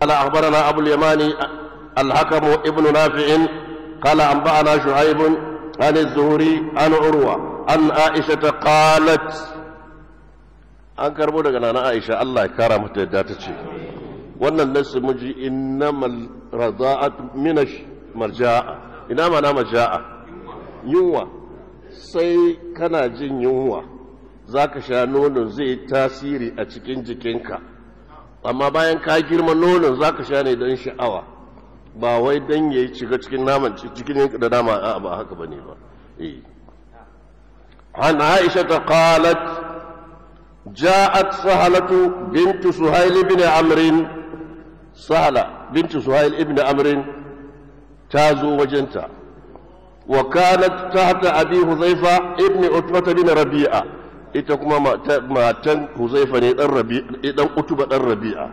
قال أخبرنا أبو اليماني الحكم ابن نافع قال أنبأنا شعيب عن الزهري عن عروة عن عائشة قالت أنكر بودا أنا عائشة الله كرم تداتشي wannan nasu muji innamal raza'at min marja'a ina mana marja'a yunwa sai kana jin yunwa zaka sha nono zai tasiri a cikin jikinka amma bayan ka girma nonon za ka sha ne don sha'awa ba wai don ya yi shiga cikin naman cikin da nama a ba haka ba ne ba eh. an aisha ta qalat ja'at sahalatu bintu suhail ibn amrin sahala bintu suhail ibn amrin ta zo wajenta wa kanat tahta abi huzaifa ibn utbata bin rabi'a ita kuma matan huzaifa ne dan rabi'a eh, dan utuba dan rabi'a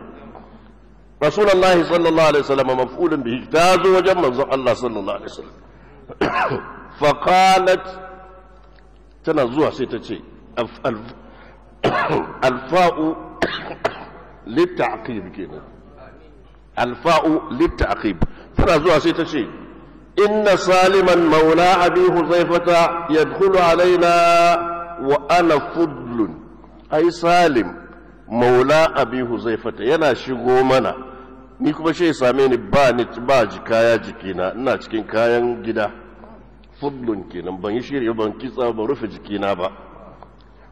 rasulullahi sallallahu alaihi wasallam maf'ulun bihi ta zo wajen manzon Allah sallallahu alaihi wasallam fa qalat tana zuwa sai ta ce alfa'u litta'qib kenan alfa'u litta'qib tana zuwa sai ta ce inna saliman maula abi huzaifata yadkhulu alaina wa ana fudlun ai salim maula abi huzaifata yana shigo mana ni kuma shi same ni ba ni ba ji kaya jikina ina cikin kayan gida fudlun kenan ban yi shirya ban kitsa ban rufe jikina ba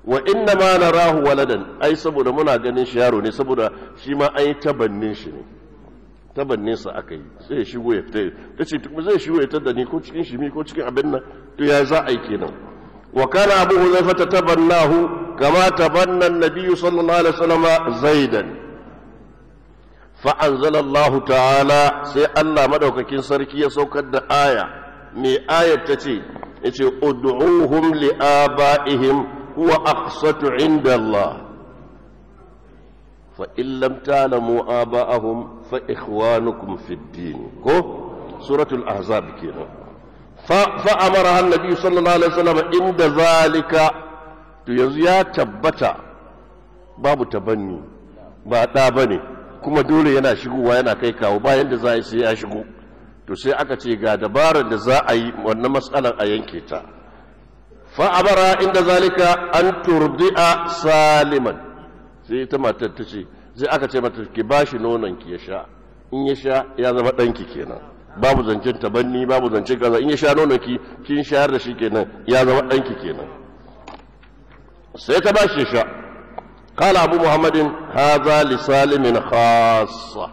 wa inna ma narahu waladan ai saboda muna ganin shi yaro ne saboda shi ma ai tabannin shi ne tabannin sa aka yi sai ya shigo ya fita ta ce zai shigo ya tada ni ko cikin shimi ko cikin abin nan to ya za a yi kenan وكان أبو حذيفة تبناه كما تبنى النبي صلى الله عليه وسلم زيدا فأنزل الله تعالى سي الله مدوككين سركي سوكد آية مي آية تتي ادعوهم لآبائهم هو أقسط عند الله فإن لم تعلموا آباءهم فإخوانكم في الدين كو سورة الأحزاب كده Amara, annabi sallallahu alaihi wasallam inda zalika to yanzu ya tabbata babu tabanni ba ɗa bane kuma dole yana shigowa yana kai kawo bayan da za a yi sai ya shigo to sai aka ce ga dabarar da za a yi wannan matsalar a yanke ta fa'amara inda zalika an turdi'a saliman sai ita matar ta ce sai aka ce mata ki bashi nonon ki ya sha in ya sha ya zama ɗanki kenan babu zancen tabanni babu zancen kaza in ya sha nono ki kin shayar da shi kenan ya zama danki kenan sai ta bashi shi sha قال أبو محمد هذا khassa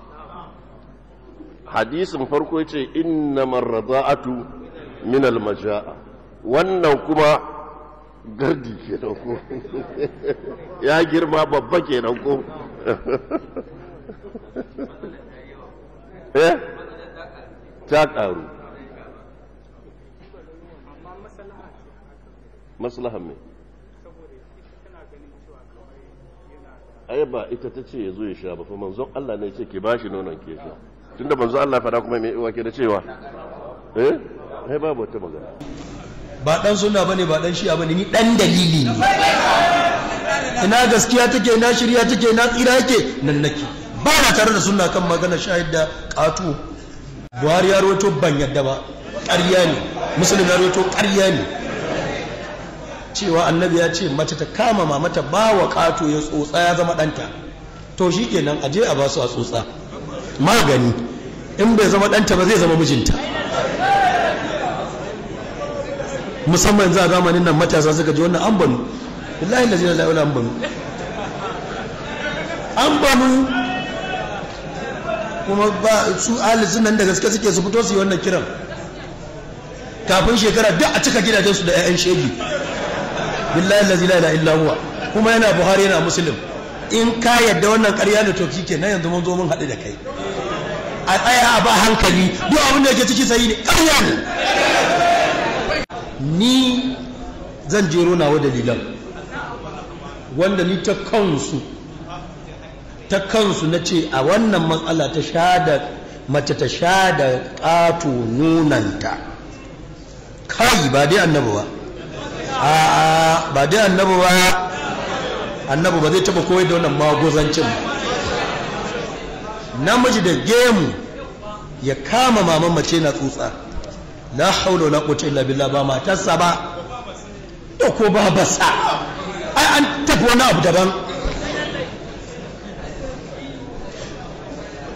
hadisin farko yace inna marza'atu min almaja'a wannan kuma gardi kenan ko ya girma babba kenan ko eh ta ƙaru maslahan mai ai ba ita ta ce ya zo ya sha ba fa manzon Allah ne ce ke bashi nonon ke sha tunda manzon Allah fada kuma mai iwa ke da cewa eh ai babu wata magana ba dan sunna bane ba dan shi'a bane ni dan dalili ne ina gaskiya take ina shirya take ina tsira yake nan nake ba na tare da sunna kan magana shahid da qatu buhari ya rawaito ban yadda ba ƙarya ne musulun ya rawaito ƙarya ne cewa annabi ya ce mace ta kama mata ba wa ƙato ya tsotsa ya zama ɗanta to shi kenan a je a ba su a tsotsa magani in bai zama ɗanta ba zai zama mijinta musamman za a zamanin nan matasa suka ji wannan an banu billahi lazina la'ula an banu an kuma ba su alisun nan da gaske suke su fito su yi wannan kiran kafin shekara duk a cika gidajensu da 'ya'yan shegi billahi allazi la ilaha illa huwa kuma yana buhari yana muslim in ka yadda wannan ƙarya da toki ke nan yanzu mun zo mun haɗu da kai a tsaya a ba hankali duk abin da yake ciki sai ne ƙarya ni zan jero nawa dalilan wanda ni ta kansu ta kansu na ce a wannan matsala ta sha mace ta sha da ƙato nunanta kai ba dai annabu ba a ba dai annabu ba annabu ba zai taba koyar da wannan magozancin namiji da gemu ya kama maman mace na tsutsa la haula wala quwwata illa billah ba matarsa ba da ko ba basa ai an tafi wani abu daban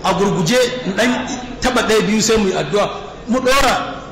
a gurguje ɗan taɓa ɗaya biyu sai mu yi addu'a mu ɗora